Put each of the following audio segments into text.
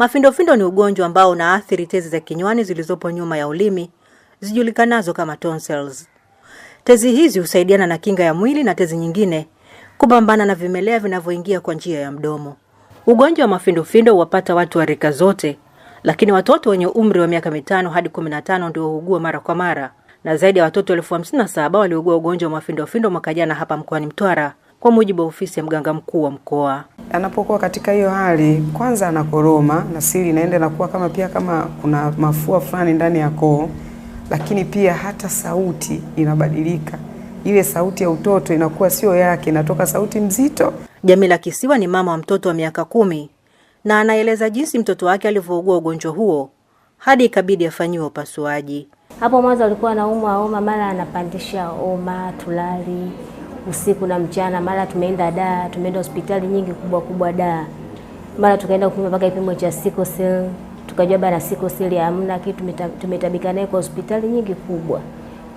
Mafindofindo ni ugonjwa ambao unaathiri tezi za kinywani zilizopo nyuma ya ulimi zijulikanazo kama tonsils. Tezi hizi husaidiana na kinga ya mwili na tezi nyingine kupambana na vimelea vinavyoingia kwa njia ya mdomo. Ugonjwa wa mafindofindo huwapata watu wa rika zote, lakini watoto wenye umri wa miaka mitano hadi 15 ndio huugua mara kwa mara, na zaidi ya watoto 57 waliugua ugonjwa wa mafindofindo mwaka jana hapa mkoani Mtwara, kwa mujibu wa ofisi ya mganga mkuu wa mkoa anapokuwa katika hiyo hali, kwanza anakoroma na siri inaenda inakuwa kama pia kama kuna mafua fulani ndani ya koo, lakini pia hata sauti inabadilika. Ile sauti ya utoto inakuwa sio yake, inatoka sauti mzito. Jamila Kisiwa ni mama wa mtoto wa miaka kumi na anaeleza jinsi mtoto wake alivyougua ugonjwa huo hadi ikabidi afanyiwe upasuaji. Hapo mwanzo alikuwa anaumwa homa, mara anapandisha homa, tulali usiku na mchana, mara tumeenda da, tumeenda hospitali nyingi kubwa kubwa da, mara tukaenda kupima mpaka kipimo cha sickle cell, tukajua bana sickle cell hamna kitu, tumetabika naye kwa hospitali nyingi kubwa,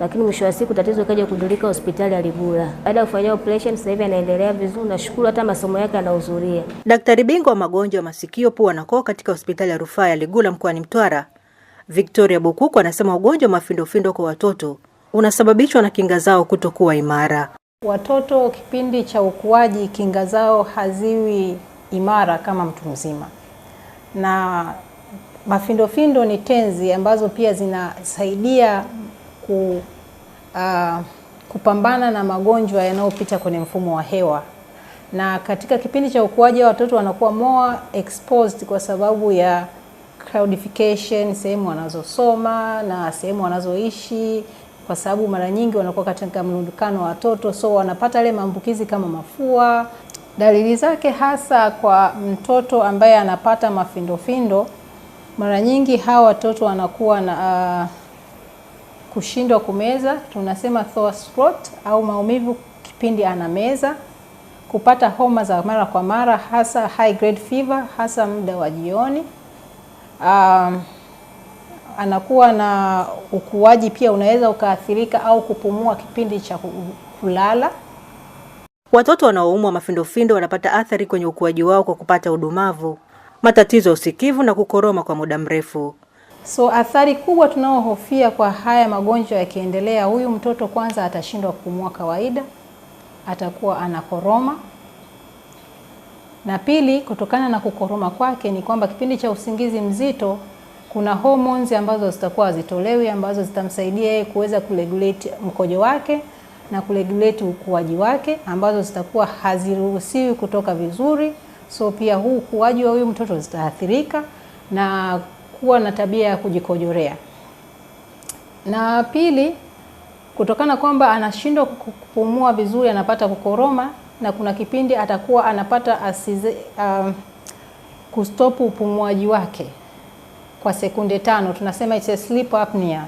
lakini mwisho wa siku tatizo kaja kudulika hospitali Aligula. Baada ya kufanyia operation, sasa hivi anaendelea vizuri, nashukuru hata masomo yake anahudhuria. Daktari bingwa wa magonjwa ya masikio, pua na koo katika hospitali ya rufaa ya Aligula mkoani Mtwara, Victoria Bukuku anasema ugonjwa wa mafindofindo kwa watoto unasababishwa na kinga zao kutokuwa imara. Watoto kipindi cha ukuaji, kinga zao haziwi imara kama mtu mzima, na mafindofindo ni tenzi ambazo pia zinasaidia ku, uh, kupambana na magonjwa yanayopita kwenye mfumo wa hewa na katika kipindi cha ukuaji watoto wanakuwa more exposed kwa sababu ya cloudification, sehemu wanazosoma na sehemu wanazoishi kwa sababu mara nyingi wanakuwa katika mlundukano wa watoto, so wanapata yale maambukizi kama mafua. Dalili zake hasa kwa mtoto ambaye anapata mafindofindo, mara nyingi hawa watoto wanakuwa na uh, kushindwa kumeza, tunasema sore throat au maumivu kipindi anameza, kupata homa za mara kwa mara, hasa high grade fever, hasa muda wa jioni um, anakuwa na ukuaji pia unaweza ukaathirika au kupumua kipindi cha kulala. Watoto wanaoumwa mafindofindo wanapata athari kwenye ukuaji wao kwa kupata udumavu, matatizo ya usikivu na kukoroma kwa muda mrefu. So athari kubwa tunaohofia kwa haya magonjwa yakiendelea, huyu mtoto kwanza atashindwa kupumua kawaida, atakuwa anakoroma na pili, kutokana na kukoroma kwake ni kwamba kipindi cha usingizi mzito kuna hormones ambazo zitakuwa hazitolewi ambazo zitamsaidia yeye kuweza kuregulate mkojo wake na kuregulate ukuaji wake ambazo zitakuwa haziruhusiwi kutoka vizuri. So pia huu ukuaji wa huyu mtoto zitaathirika na kuwa na tabia ya kujikojorea. Na pili, kutokana kwamba anashindwa kupumua vizuri, anapata kukoroma na kuna kipindi atakuwa anapata asize, uh, kustopu upumuaji wake kwa sekunde tano, tunasema it's a sleep apnea,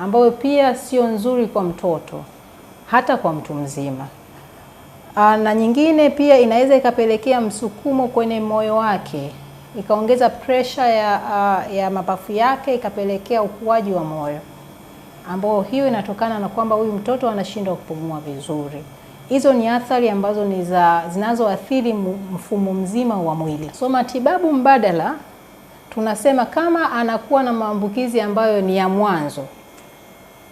ambayo pia sio nzuri kwa mtoto hata kwa mtu mzima. Ah, na nyingine pia inaweza ikapelekea msukumo kwenye moyo wake, ikaongeza pressure ya, ah, ya mapafu yake, ikapelekea ukuaji wa moyo, ambao hiyo inatokana na kwamba huyu mtoto anashindwa kupumua vizuri. Hizo ni athari ambazo ni za zinazoathiri mfumo mzima wa mwili. So matibabu mbadala tunasema kama anakuwa na maambukizi ambayo ni ya mwanzo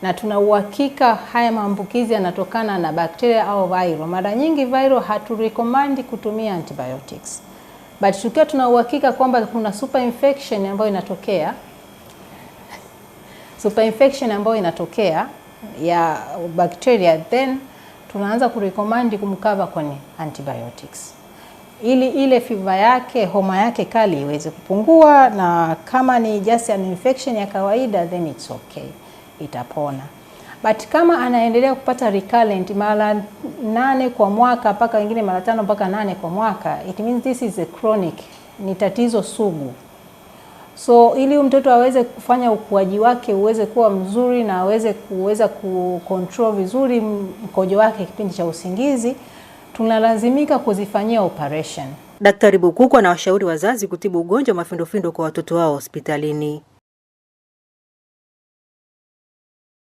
na tuna uhakika haya maambukizi yanatokana na bakteria au viral. Mara nyingi viral haturecommend kutumia antibiotics, but tukiwa tuna uhakika kwamba kuna super infection ambayo inatokea super infection ambayo inatokea ya bakteria, then tunaanza kurecommend kumkava kwa antibiotics ili ile fiva yake homa yake kali iweze kupungua, na kama ni just an infection ya kawaida then it's okay, itapona. But kama anaendelea kupata recurrent mara nane kwa mwaka mpaka wengine mara tano mpaka nane kwa mwaka, it means this is a chronic, ni tatizo sugu. So ili mtoto aweze kufanya ukuaji wake uweze kuwa mzuri na aweze kuweza kucontrol vizuri mkojo wake kipindi cha usingizi tunalazimika kuzifanyia operation. Daktari Bukuku anawashauri wazazi kutibu ugonjwa wa mafindofindo kwa watoto wao hospitalini.